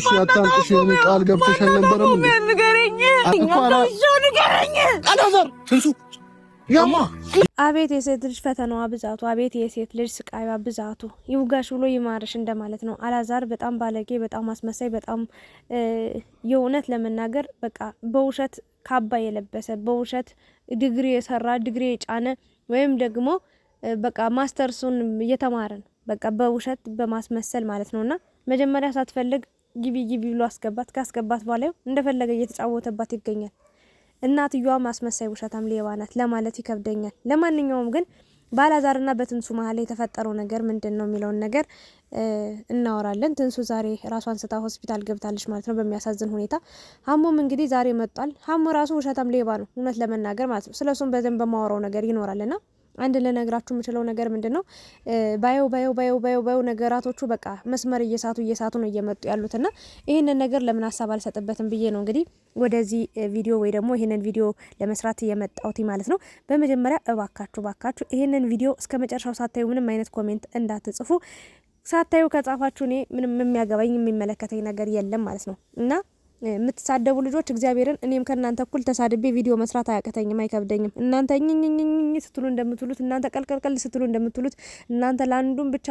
እሺ አታልቅሽ። የእኔ ቃል ገብተሻል ነበረም አቤት የሴት ልጅ ፈተናዋ ብዛቱ! አቤት የሴት ልጅ ስቃይዋ ብዛቱ! ይውጋሽ ብሎ ይማርሽ እንደማለት ነው። አላዛር በጣም ባለጌ፣ በጣም አስመሳይ፣ በጣም የእውነት ለመናገር በቃ በውሸት ካባ የለበሰ በውሸት ዲግሪ የሰራ ዲግሪ የጫነ ወይም ደግሞ በቃ ማስተርሱን እየተማረ ነው። በቃ በውሸት በማስመሰል ማለት ነውና መጀመሪያ ሳትፈልግ ግቢ ግቢ ብሎ አስገባት። ካስገባት በኋላ እንደፈለገ እየተጫወተባት ይገኛል። እናትየዋ ማስመሳይ ውሸታም ሌባ ናት ለማለት ይከብደኛል። ለማንኛውም ግን ባላዛርና በትንሱ መሀል የተፈጠረው ነገር ምንድን ነው የሚለውን ነገር እናወራለን። ትንሱ ዛሬ ራሷን ስታ ሆስፒታል ገብታለች ማለት ነው በሚያሳዝን ሁኔታ። ሀሙም እንግዲህ ዛሬ መጧል። ሀሙ ራሱ ውሸታም ሌባ ነው እውነት ለመናገር ማለት ነው። ስለሱም በደንብ በማወራው ነገር ይኖራልና አንድ ልነግራችሁ የምችለው ነገር ምንድን ነው፣ ባየው ባየው ባየው ባየው ባየው ነገራቶቹ በቃ መስመር እየሳቱ እየሳቱ ነው እየመጡ ያሉትና ይህንን ነገር ለምን ሀሳብ አልሰጥበትም ብዬ ነው እንግዲህ ወደዚህ ቪዲዮ ወይ ደግሞ ይህንን ቪዲዮ ለመስራት እየመጣሁት ማለት ነው። በመጀመሪያ እባካችሁ ባካችሁ ይህንን ቪዲዮ እስከ መጨረሻው ሳታዩ ምንም አይነት ኮሜንት እንዳትጽፉ። ሳታዩ ከጻፋችሁ እኔ ምንም የሚያገባኝ የሚመለከተኝ ነገር የለም ማለት ነው እና የምትሳደቡ ልጆች እግዚአብሔርን እኔም ከእናንተ እኩል ተሳድቤ ቪዲዮ መስራት አያቅተኝም፣ አይከብደኝም። እናንተ ስትሉ እንደምትሉት እናንተ ቀልቀልቀል ስትሉ እንደምትሉት እናንተ ለአንዱም ብቻ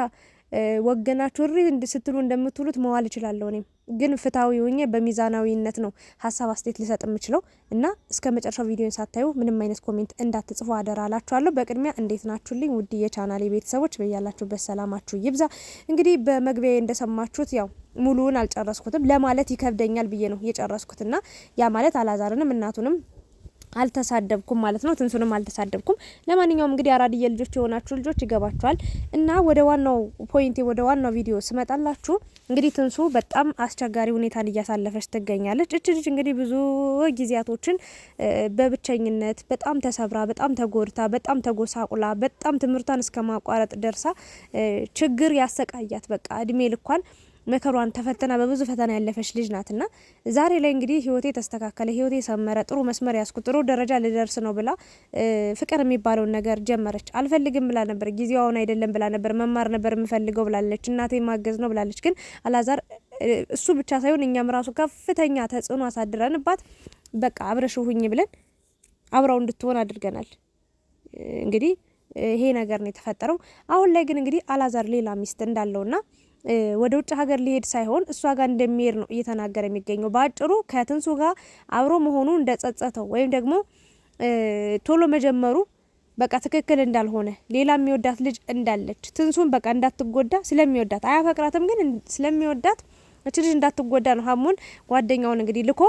ወገናችሁ እሪ ስትሉ እንደምትሉት መዋል እችላለሁ። እኔም ግን ፍትሐዊ ሆኜ በሚዛናዊነት ነው ሀሳብ አስተያየት ሊሰጥ የምችለው እና እስከ መጨረሻው ቪዲዮን ሳታዩ ምንም አይነት ኮሜንት እንዳትጽፉ አደራ አላችኋለሁ። በቅድሚያ እንዴት ናችሁልኝ ውድ የቻናሌ ቤተሰቦች፣ በያላችሁበት ሰላማችሁ ይብዛ። እንግዲህ በመግቢያ እንደሰማችሁት ያው ሙሉውን አልጨረስኩትም ለማለት ይከብደኛል ብዬ ነው የጨረስኩትና ያ ማለት አላዛርንም እናቱንም አልተሳደብኩም ማለት ነው። ትንሱንም አልተሳደብኩም። ለማንኛውም እንግዲህ አራድዬ ልጆች የሆናችሁ ልጆች ይገባችኋል። እና ወደ ዋናው ፖይንቴ ወደ ዋናው ቪዲዮ ስመጣላችሁ እንግዲህ ትንሱ በጣም አስቸጋሪ ሁኔታን እያሳለፈች ትገኛለች። እች ልጅ እንግዲህ ብዙ ጊዜያቶችን በብቸኝነት በጣም ተሰብራ፣ በጣም ተጎድታ፣ በጣም ተጎሳቁላ፣ በጣም ትምህርቷን እስከ ማቋረጥ ደርሳ ችግር ያሰቃያት በቃ እድሜ ልኳን መከሯን ተፈተና በብዙ ፈተና ያለፈች ልጅ ናትና ዛሬ ላይ እንግዲህ ህይወቴ ተስተካከለ፣ ህይወቴ ሰመረ፣ ጥሩ መስመር ያስኩ፣ ጥሩ ደረጃ ልደርስ ነው ብላ ፍቅር የሚባለውን ነገር ጀመረች። አልፈልግም ብላ ነበር፣ ጊዜው አሁን አይደለም ብላ ነበር፣ መማር ነበር የምፈልገው ብላለች፣ እናቴ ማገዝ ነው ብላለች። ግን አላዛር እሱ ብቻ ሳይሆን እኛም ራሱ ከፍተኛ ተጽዕኖ አሳድረንባት በቃ አብረሽ ሁኝ ብለን አብረው እንድትሆን አድርገናል። እንግዲህ ይሄ ነገር ነው የተፈጠረው። አሁን ላይ ግን እንግዲህ አላዛር ሌላ ሚስት እንዳለውና ወደ ውጭ ሀገር ሊሄድ ሳይሆን እሷ ጋር እንደሚሄድ ነው እየተናገረ የሚገኘው። በአጭሩ ከትንሱ ጋር አብሮ መሆኑ እንደጸጸተው ወይም ደግሞ ቶሎ መጀመሩ በቃ ትክክል እንዳልሆነ ሌላ የሚወዳት ልጅ እንዳለች ትንሱን በቃ እንዳትጎዳ ስለሚወዳት አያፈቅራትም፣ ግን ስለሚወዳት እች ልጅ እንዳትጎዳ ነው ሀሙን ጓደኛውን እንግዲህ ልኮ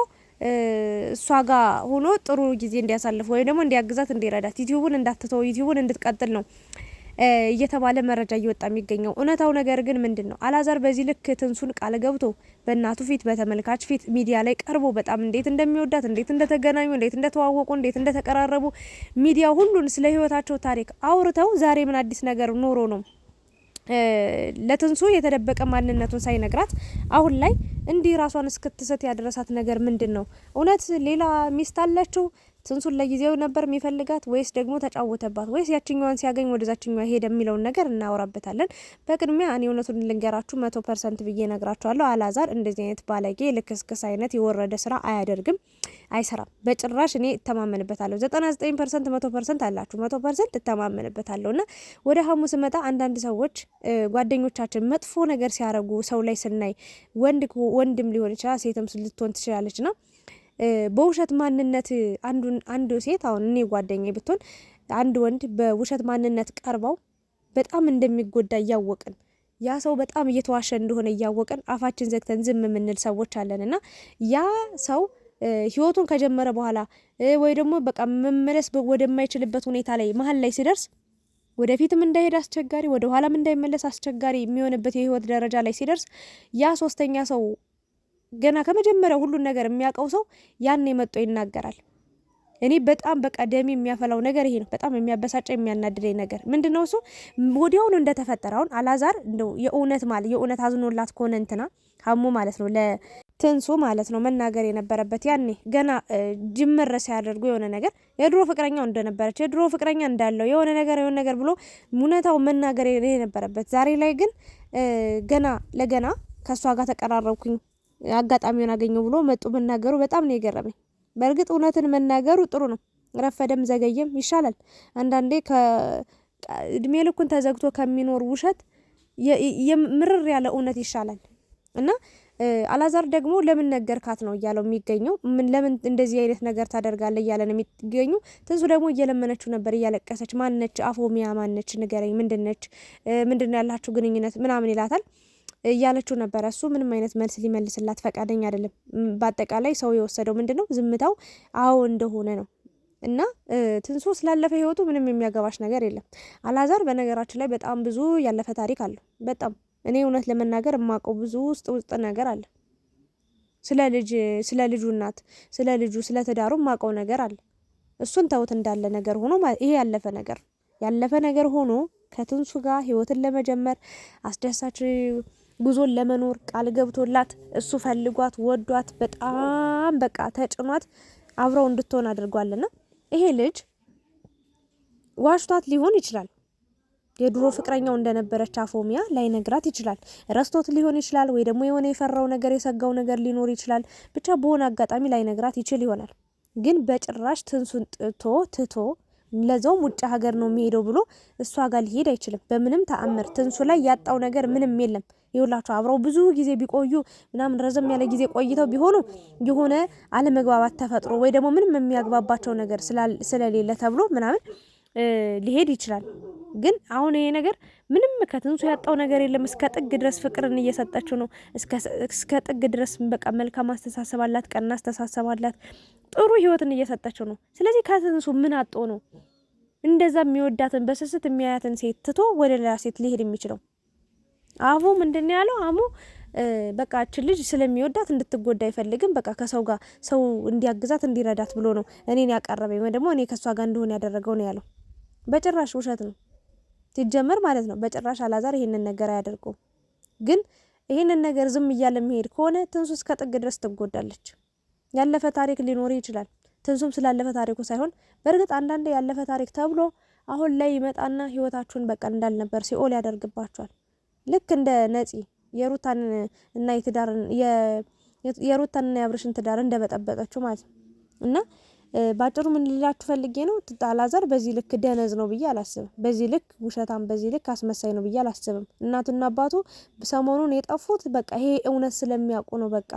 እሷ ጋር ሆኖ ጥሩ ጊዜ እንዲያሳልፍ ወይም ደግሞ እንዲያግዛት እንዲረዳት ዩቲዩቡን እንዳትተው ዩቲዩቡን እንድትቀጥል ነው እየተባለ መረጃ እየወጣ የሚገኘው። እውነታው ነገር ግን ምንድን ነው? አላዛር በዚህ ልክ ትንሱን ቃል ገብቶ በእናቱ ፊት፣ በተመልካች ፊት ሚዲያ ላይ ቀርቦ በጣም እንዴት እንደሚወዳት፣ እንዴት እንደተገናኙ፣ እንዴት እንደተዋወቁ፣ እንዴት እንደተቀራረቡ ሚዲያ ሁሉን ስለ ህይወታቸው ታሪክ አውርተው ዛሬ ምን አዲስ ነገር ኖሮ ነው ለትንሱ የተደበቀ ማንነቱን ሳይነግራት አሁን ላይ እንዲህ ራሷን እስክትሰት ያደረሳት ነገር ምንድን ነው? እውነት ሌላ ሚስት አለችው? ትንሱን ለጊዜው ነበር የሚፈልጋት ወይስ ደግሞ ተጫወተባት ወይስ ያችኛዋን ሲያገኝ ወደዛችኛዋ ሄደ የሚለውን ነገር እናወራበታለን። በቅድሚያ እኔ እውነቱን ልንገራችሁ መቶ ፐርሰንት ብዬ ነግራችኋለሁ። አላዛር እንደዚህ አይነት ባለጌ ልክስክስ አይነት የወረደ ስራ አያደርግም፣ አይሰራም በጭራሽ። እኔ እተማመንበታለሁ። ዘጠና ዘጠኝ ፐርሰንት መቶ ፐርሰንት አላችሁ፣ መቶ ፐርሰንት እተማመንበታለሁ። እና ወደ ሀሙ ስመጣ አንዳንድ ሰዎች ጓደኞቻችን መጥፎ ነገር ሲያረጉ ሰው ላይ ስናይ ወንድ ወንድም ሊሆን ይችላል ሴትም ልትሆን ትችላለች ና በውሸት ማንነት አንዱን አንዱ ሴት አሁን እኔ ጓደኛ ብትሆን አንድ ወንድ በውሸት ማንነት ቀርበው በጣም እንደሚጎዳ እያወቅን ያ ሰው በጣም እየተዋሸ እንደሆነ እያወቅን አፋችን ዘግተን ዝም የምንል ሰዎች አለን እና ያ ሰው ህይወቱን ከጀመረ በኋላ ወይ ደግሞ በቃ መመለስ ወደማይችልበት ሁኔታ ላይ መሀል ላይ ሲደርስ ወደፊትም እንዳይሄድ አስቸጋሪ፣ ወደ ኋላም እንዳይመለስ አስቸጋሪ የሚሆንበት የህይወት ደረጃ ላይ ሲደርስ ያ ሶስተኛ ሰው ገና ከመጀመሪያው ሁሉን ነገር የሚያውቀው ሰው ያኔ የመጦ ይናገራል። እኔ በጣም በቃ ደሜ የሚያፈላው ነገር ይሄ ነው። በጣም የሚያበሳጨ የሚያናድደኝ ነገር ምንድነው? እሱ ወዲያውኑ እንደተፈጠረውን አላዛር እንደው የእውነት ማለት የእውነት አዝኖላት ከሆነ እንትና ሀሙ ማለት ነው ለትንሱ ማለት ነው መናገር የነበረበት ያኔ ገና ጅምር ሲያደርጉ የሆነ ነገር የድሮ ፍቅረኛው እንደነበረች የድሮ ፍቅረኛ እንዳለው የሆነ ነገር የሆነ ነገር ብሎ እውነታው መናገር የነበረበት ዛሬ ላይ ግን ገና ለገና ከእሷ ጋር ተቀራረብኩኝ አጋጣሚውን አገኘው ብሎ መጡ መናገሩ በጣም ነው የገረመኝ። በእርግጥ እውነትን መናገሩ ጥሩ ነው። ረፈደም ዘገየም ይሻላል። አንዳንዴ እድሜ ልኩን ተዘግቶ ከሚኖር ውሸት ምርር ያለ እውነት ይሻላል እና አላዛር ደግሞ ለምን ነገርካት ነው እያለው የሚገኘው። ለምን እንደዚህ አይነት ነገር ታደርጋለ እያለ ነው የሚገኙ። ትንሱ ደግሞ እየለመነችው ነበር፣ እያለቀሰች ማነች አፎሚያ? ማነች ንገረኝ፣ ምንድነች? ምንድነው ያላችሁ ግንኙነት ምናምን ይላታል። እያለችው ነበረ። እሱ ምንም አይነት መልስ ሊመልስላት ፈቃደኛ አይደለም። በአጠቃላይ ሰው የወሰደው ምንድን ነው ዝምታው አዎ እንደሆነ ነው። እና ትንሱ ስላለፈ ህይወቱ ምንም የሚያገባሽ ነገር የለም። አላዛር በነገራችን ላይ በጣም ብዙ ያለፈ ታሪክ አለው። በጣም እኔ እውነት ለመናገር የማውቀው ብዙ ውስጥ ውስጥ ነገር አለ። ስለ ልጅ ስለ ልጁ እናት ስለ ልጁ ስለ ትዳሩ የማውቀው ነገር አለ። እሱን ተውት እንዳለ ነገር ሆኖ ይሄ ያለፈ ነገር ያለፈ ነገር ሆኖ ከትንሱ ጋር ህይወትን ለመጀመር አስደሳች ጉዞን ለመኖር ቃል ገብቶላት እሱ ፈልጓት ወዷት በጣም በቃ ተጭኗት አብረው እንድትሆን አድርጓልና ይሄ ልጅ ዋሽቷት ሊሆን ይችላል። የድሮ ፍቅረኛው እንደነበረች አፎሚያ ላይ ነግራት ይችላል። ረስቶት ሊሆን ይችላል፣ ወይ ደግሞ የሆነ የፈራው ነገር የሰጋው ነገር ሊኖር ይችላል። ብቻ በሆነ አጋጣሚ ላይ ነግራት ይችል ይሆናል። ግን በጭራሽ ትንሱን ጥቶ ትቶ ለዛውም ውጭ ሀገር ነው የሚሄደው ብሎ እሷ ጋር ሊሄድ አይችልም በምንም ተአምር። ትንሱ ላይ ያጣው ነገር ምንም የለም። ይውላችሁ አብረው ብዙ ጊዜ ቢቆዩ ምናምን ረዘም ያለ ጊዜ ቆይተው ቢሆኑ የሆነ አለመግባባት ተፈጥሮ ወይ ደግሞ ምንም የሚያግባባቸው ነገር ስለሌለ ተብሎ ምናምን ሊሄድ ይችላል። ግን አሁን ይሄ ነገር ምንም ከትንሱ ያጣው ነገር የለም። እስከ ጥግ ድረስ ፍቅርን እየሰጠችው ነው። እስከ ጥግ ድረስ በቃ መልካም አስተሳሰብ አላት፣ ቀና አስተሳሰብ አላት። ጥሩ ህይወትን እየሰጠችው ነው። ስለዚህ ከትንሱ ምን አጦ ነው እንደዛ የሚወዳትን በስስት የሚያያትን ሴት ትቶ ወደ ሌላ ሴት ሊሄድ የሚችለው? አቡ ምንድን ያለው? አሙ በቃ እችን ልጅ ስለሚወዳት እንድትጎዳ አይፈልግም። በቃ ከሰው ጋር ሰው እንዲያግዛት እንዲረዳት ብሎ ነው እኔን ያቀረበኝ ወይ ደግሞ እኔ ከእሷ ጋር እንደሆነ ያደረገው ነው ያለው። በጭራሽ ውሸት ነው ሲጀመር ማለት ነው። በጭራሽ አላዛር ይሄንን ነገር አያደርገውም። ግን ይሄንን ነገር ዝም እያለ መሄድ ከሆነ ትንሱ እስከ ጥግ ድረስ ትጎዳለች። ያለፈ ታሪክ ሊኖር ይችላል። ትንሱም ስላለፈ ታሪኩ ሳይሆን በእርግጥ አንዳንዴ ያለፈ ታሪክ ተብሎ አሁን ላይ ይመጣና ህይወታችሁን በቃ እንዳልነበር ሲኦል ያደርግባችኋል። ልክ እንደ ነፂ የሩታን እና የትዳርን የሩታንና የአብርሽን ትዳር እንደበጠበጠችው ማለት ነው። እና ባጭሩ ምን ልላችሁ ፈልጌ ነው አላዛር በዚህ ልክ ደነዝ ነው ብዬ አላስብም። በዚህ ልክ ውሸታም፣ በዚህ ልክ አስመሳይ ነው ብዬ አላስብም። እናቱና አባቱ ሰሞኑን የጠፉት በቃ ይሄ እውነት ስለሚያውቁ ነው በቃ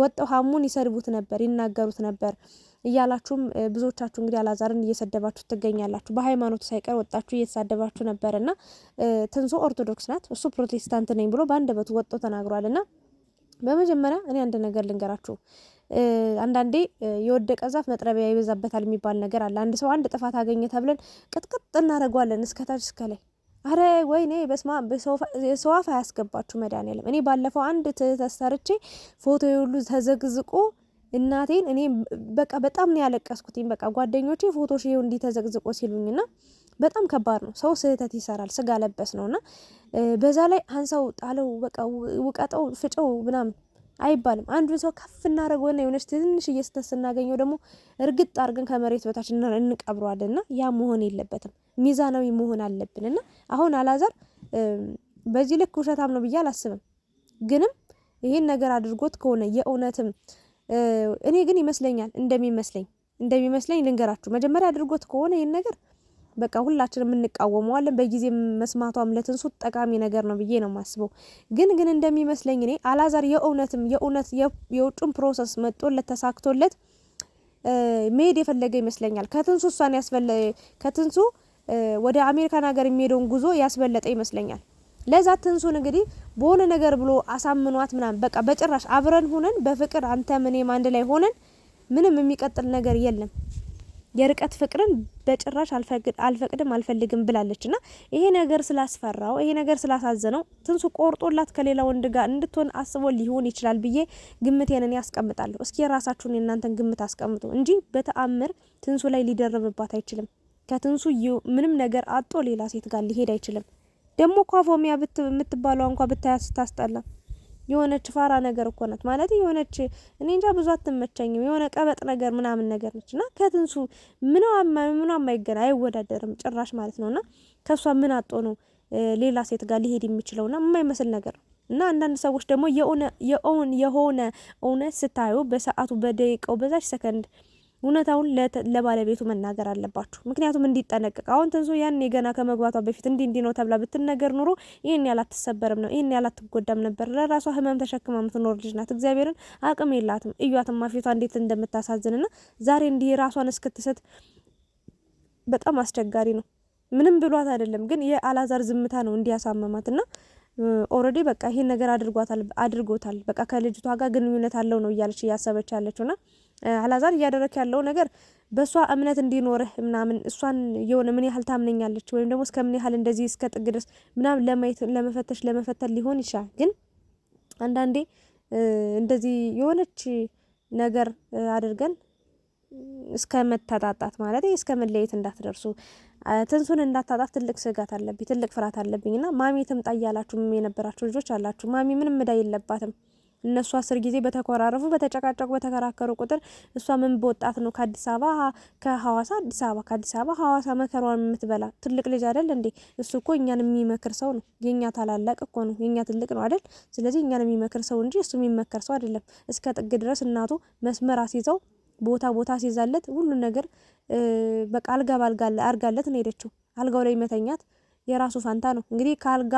ወጠው ሀሙን ይሰድቡት ነበር፣ ይናገሩት ነበር እያላችሁም ብዙዎቻችሁ እንግዲህ አላዛርን እየሰደባችሁ ትገኛላችሁ። በሃይማኖቱ ሳይቀር ወጣችሁ እየተሳደባችሁ ነበር እና ትንሶ ኦርቶዶክስ ናት፣ እሱ ፕሮቴስታንት ነኝ ብሎ በአንደበቱ ወጥቶ ተናግሯል። እና በመጀመሪያ እኔ አንድ ነገር ልንገራችሁ። አንዳንዴ የወደቀ ዛፍ መጥረቢያ ይበዛበታል የሚባል ነገር አለ። አንድ ሰው አንድ ጥፋት አገኘ ተብለን ቅጥቅጥ እናደርገዋለን እስከታች እስከላይ አረ ወይኔ በስማ የሰው አያስገባችሁ መድኃኒዓለም። እኔ ባለፈው አንድ ተሰርቼ ፎቶ የሁሉ ተዘግዝቆ እናቴን እኔ በቃ በጣም ነው ያለቀስኩትኝ። በቃ ጓደኞቼ ፎቶሽ ይኸው እንዲህ ተዘግዝቆ ሲሉኝና በጣም ከባድ ነው። ሰው ስህተት ይሰራል። ስጋ ለበስ ነውና በዛ ላይ አንሳው፣ ጣለው፣ በቃ ውቀጠው፣ ፍጨው ምናምን አይባልም። አንዱን ሰው ከፍ እናደርገውና የሆነች ትንሽ ስህተት ስናገኘው ደግሞ እርግጥ አድርገን ከመሬት በታች እንቀብረዋለንና ያ መሆን የለበትም። ሚዛናዊ መሆን አለብን እና አሁን አላዛር በዚህ ልክ ውሸታም ነው ብዬ አላስብም። ግንም ይህን ነገር አድርጎት ከሆነ የእውነትም እኔ ግን ይመስለኛል እንደሚመስለኝ እንደሚመስለኝ ልንገራችሁ። መጀመሪያ አድርጎት ከሆነ ይህን ነገር በቃ ሁላችንም እንቃወመዋለን። በጊዜ መስማቷም ለትንሱ ጠቃሚ ነገር ነው ብዬ ነው የማስበው። ግን ግን እንደሚመስለኝ እኔ አላዛር የእውነትም የእውነት የውጩን ፕሮሰስ መጦለት ተሳክቶለት መሄድ የፈለገ ይመስለኛል ከትንሱ እሷን ያስፈለ ከትንሱ ወደ አሜሪካን ሀገር የሚሄደውን ጉዞ ያስበለጠ ይመስለኛል። ለዛ ትንሱን እንግዲህ በሆነ ነገር ብሎ አሳምኗት ምናምን በቃ በጭራሽ አብረን ሆነን በፍቅር አንተ እኔም አንድ ላይ ሆነን ምንም የሚቀጥል ነገር የለም የርቀት ፍቅርን በጭራሽ አልፈቅድም አልፈልግም ብላለች። እና ይሄ ነገር ስላስፈራው ይሄ ነገር ስላሳዘነው ትንሱ ቆርጦላት ከሌላ ወንድ ጋር እንድትሆን አስቦ ሊሆን ይችላል ብዬ ግምቴን እኔ አስቀምጣለሁ። እስኪ የራሳችሁን የእናንተን ግምት አስቀምጡ እንጂ በተአምር ትንሱ ላይ ሊደረብባት አይችልም። ብትመለከት እንሱ ምንም ነገር አጦ ሌላ ሴት ጋር ሊሄድ አይችልም። ደግሞ ኳፎሚያ የምትባለው እንኳ ብታያት ስታስጠላ የሆነች ፋራ ነገር እኮ ናት። ማለት የሆነች እኔ እንጃ ብዙ አትመቸኝም። የሆነ ቀበጥ ነገር ምናምን ነገር ነች እና ከትንሱ ምንም አይገና አይወዳደርም ጭራሽ ማለት ነው። እና ከእሷ ምን አጦ ነው ሌላ ሴት ጋር ሊሄድ የሚችለው? ና የማይመስል ነገር ነው። እና አንዳንድ ሰዎች ደግሞ የሆነ እውነት ስታዩ በሰዓቱ በደቂቃው በዛች ሰከንድ እውነታውን ለባለቤቱ መናገር አለባችሁ። ምክንያቱም እንዲጠነቀቅ አሁን ትንሱ ያኔ ገና ከመግባቷ በፊት እንዲ እንዲ ነው ተብላ ብትነገር ኑሮ ይህን ያህል አትሰበርም ነው ይህን ያህል አትጎዳም ነበር። ለራሷ ህመም ተሸክማ ምትኖር ልጅ ናት። እግዚአብሔርን አቅም የላትም። እያትማ ፊቷ እንዴት እንደምታሳዝንና ዛሬ እንዲህ ራሷን እስክትሰጥ በጣም አስቸጋሪ ነው። ምንም ብሏት አይደለም፣ ግን የአላዛር ዝምታ ነው እንዲያሳመማትና ኦልሬዲ በቃ ይሄን ነገር አድርጓታል አድርጎታል። በቃ ከልጅቷ ጋር ግንኙነት አለው ነው እያለች እያሰበች ና አላዛር እያደረክ ያለው ነገር በእሷ እምነት እንዲኖርህ ምናምን እሷን የሆነ ምን ያህል ታምነኛለች ወይም ደግሞ እስከ ምን ያህል እንደዚህ እስከ ጥግ ድረስ ምናምን ለማየት ለመፈተሽ ለመፈተል ሊሆን ይችላል። ግን አንዳንዴ እንደዚህ የሆነች ነገር አድርገን እስከ መተጣጣት ማለት እስከ መለየት እንዳትደርሱ ትንሱን እንዳታጣት ትልቅ ስጋት አለብኝ፣ ትልቅ ፍርሃት አለብኝ። እና ማሚ ትምጣ እያላችሁ የነበራችሁ ልጆች አላችሁ። ማሚ ምንም እዳ የለባትም። እነሱ አስር ጊዜ በተኮራረፉ በተጨቃጨቁ በተከራከሩ ቁጥር እሷ ምን በወጣት ነው ከአዲስ አበባ ከሐዋሳ አዲስ አበባ ከአዲስ አበባ ሐዋሳ መከሯን የምትበላ ትልቅ ልጅ አይደል እንዴ? እሱ እኮ እኛን የሚመክር ሰው ነው። የኛ ታላላቅ እኮ ነው። የኛ ትልቅ ነው አይደል? ስለዚህ እኛን የሚመክር ሰው እንጂ እሱ የሚመከር ሰው አይደለም። እስከ ጥግ ድረስ እናቱ መስመር አስይዘው ቦታ ቦታ አስይዛለት ሁሉ ነገር በቃ አልጋ ባልጋ አርጋለት ነው ሄደችው። አልጋው ላይ መተኛት የራሱ ፋንታ ነው እንግዲህ ከአልጋ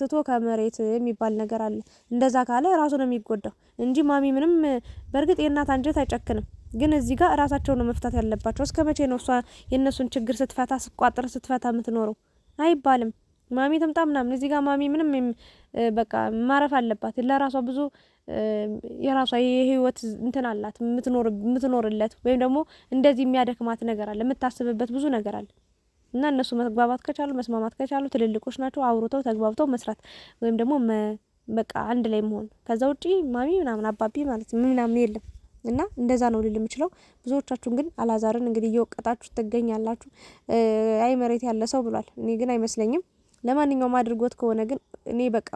ትቶ ከመሬት የሚባል ነገር አለ። እንደዛ ካለ ራሱ ነው የሚጎዳው እንጂ ማሚ ምንም በእርግጥ የእናት አንጀት አይጨክንም። ግን እዚህ ጋር ራሳቸው ነው መፍታት ያለባቸው። እስከ መቼ ነው እሷ የእነሱን ችግር ስትፈታ ስቋጥር ስትፈታ የምትኖረው? አይባልም። ማሚ ትምጣ ምናምን እዚህ ጋር ማሚ ምንም በቃ ማረፍ አለባት። ለራሷ ብዙ የራሷ የህይወት እንትን አላት የምትኖርለት ወይም ደግሞ እንደዚህ የሚያደክማት ነገር አለ፣ የምታስብበት ብዙ ነገር አለ። እና እነሱ መግባባት ከቻሉ መስማማት ከቻሉ ትልልቆች ናቸው። አውርተው ተግባብተው መስራት ወይም ደግሞ በቃ አንድ ላይ መሆን ከዛ ውጪ ማሚ ምናምን አባቢ ማለት ምናምን የለም። እና እንደዛ ነው ልል የምችለው። ብዙዎቻችሁን ግን አላዛርን እንግዲህ እየወቀጣችሁ ትገኛላችሁ። አይ መሬት ያለ ሰው ብሏል። እኔ ግን አይመስለኝም። ለማንኛውም አድርጎት ከሆነ ግን እኔ በቃ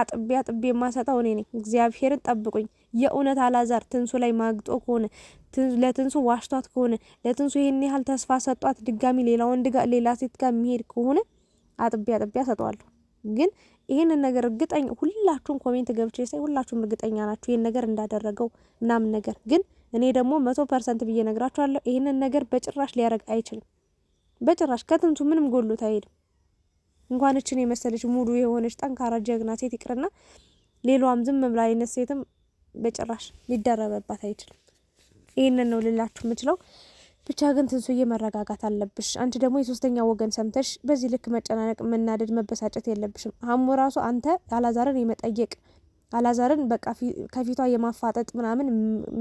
አጥቤ አጥቤ የማሰጠው እኔ ነኝ። እግዚአብሔርን ጠብቁኝ። የእውነት አላዛር ትንሱ ላይ ማግጦ ከሆነ ለትንሱ ዋሽቷት ከሆነ ለትንሱ ይህን ያህል ተስፋ ሰጧት ድጋሚ ሌላ ወንድ ጋር ሌላ ሴት ጋር የሚሄድ ከሆነ አጥቤ አጥቤ አሰጠዋለሁ። ግን ይህንን ነገር እርግጠኛ ሁላችሁም ኮሜንት ገብቼ ሳይ ሁላችሁም እርግጠኛ ናችሁ ይህን ነገር እንዳደረገው ምናምን ነገር ግን እኔ ደግሞ መቶ ፐርሰንት ብዬ ነግራችኋለሁ። ይህንን ነገር በጭራሽ ሊያደርግ አይችልም። በጭራሽ ከትንሱ ምንም ጎሎት አይሄድም። እንኳን እችን የመሰለች ሙሉ የሆነች ጠንካራ ጀግና ሴት ይቅርና ሌሏም ዝም ብላ አይነት ሴትም በጭራሽ ሊደረበባት አይችልም። ይህንን ነው ልላችሁ የምችለው። ብቻ ግን ትንሱዬ መረጋጋት አለብሽ። አንቺ ደግሞ የሶስተኛ ወገን ሰምተሽ በዚህ ልክ መጨናነቅ፣ መናደድ፣ መበሳጨት የለብሽም። ሀሙ ራሱ አንተ አላዛርን የመጠየቅ አላዛርን በቃ ከፊቷ የማፋጠጥ ምናምን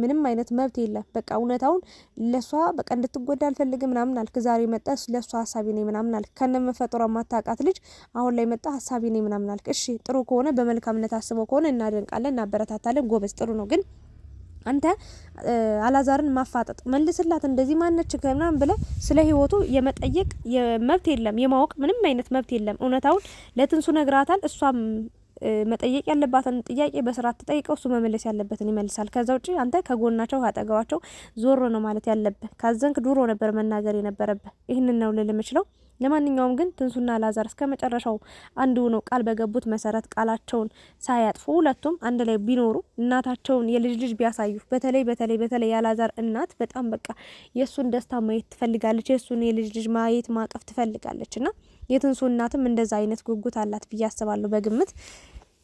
ምንም አይነት መብት የለም። በቃ እውነታውን ለሷ በቃ እንድትጎዳ አልፈልግም ምናምን አልክ። ዛሬ መጣ ለሷ ሀሳቢ ነኝ ምናምን አልክ። መፈጠሯ ማታቃት ልጅ አሁን ላይ መጣ ሀሳቢ ነኝ ምናምን አልክ። እሺ ጥሩ ከሆነ በመልካምነት አስበው ከሆነ እናደንቃለን፣ እናበረታታለን። ጎበዝ ጥሩ ነው ግን አንተ አላዛርን ማፋጠጥ መልስላት፣ እንደዚህ ማነች ከምናምን ብለ ስለ ህይወቱ የመጠየቅ መብት የለም፣ የማወቅ ምንም አይነት መብት የለም። እውነታውን ለትንሱ ነግራታል እሷም መጠየቅ ያለባትን ጥያቄ በስርዓት ተጠይቀ እሱ መመለስ ያለበትን ይመልሳል። ከዛ ውጭ አንተ ከጎናቸው ካጠገባቸው ዞሮ ነው ማለት ያለብህ። ካዘንክ ድሮ ነበር መናገር የነበረብህ። ይህንን ነው ልል የምችለው። ለማንኛውም ግን ትንሱና ላዛር እስከ መጨረሻው አንድ ሆነው ቃል በገቡት መሰረት ቃላቸውን ሳያጥፉ ሁለቱም አንድ ላይ ቢኖሩ እናታቸውን የልጅ ልጅ ቢያሳዩ፣ በተለይ በተለይ በተለይ ያላዛር እናት በጣም በቃ የእሱን ደስታ ማየት ትፈልጋለች። የእሱን የልጅ ልጅ ማየት ማቀፍ ትፈልጋለች እና የትንሱ እናትም እንደዛ አይነት ጉጉት አላት ብዬ አስባለሁ በግምት።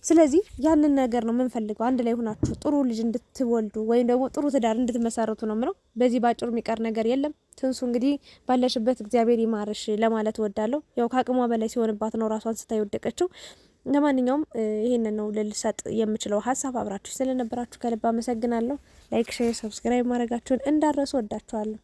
ስለዚህ ያንን ነገር ነው የምንፈልገው። አንድ ላይ ሆናችሁ ጥሩ ልጅ እንድትወልዱ ወይም ደግሞ ጥሩ ትዳር እንድትመሰርቱ ነው ምለው። በዚህ ባጭሩ የሚቀር ነገር የለም። ትንሱ እንግዲህ ባለሽበት እግዚአብሔር ይማርሽ ለማለት እወዳለሁ። ያው ከአቅሟ በላይ ሲሆንባት ነው ራሷን ስታ የወደቀችው። ለማንኛውም ይሄንን ነው ልልሰጥ የምችለው ሀሳብ። አብራችሁ ስለነበራችሁ ከልብ አመሰግናለሁ። ላይክ፣ ሼር፣ ሰብስክራይብ ማድረጋችሁን እንዳረሱ ወዳችኋለሁ።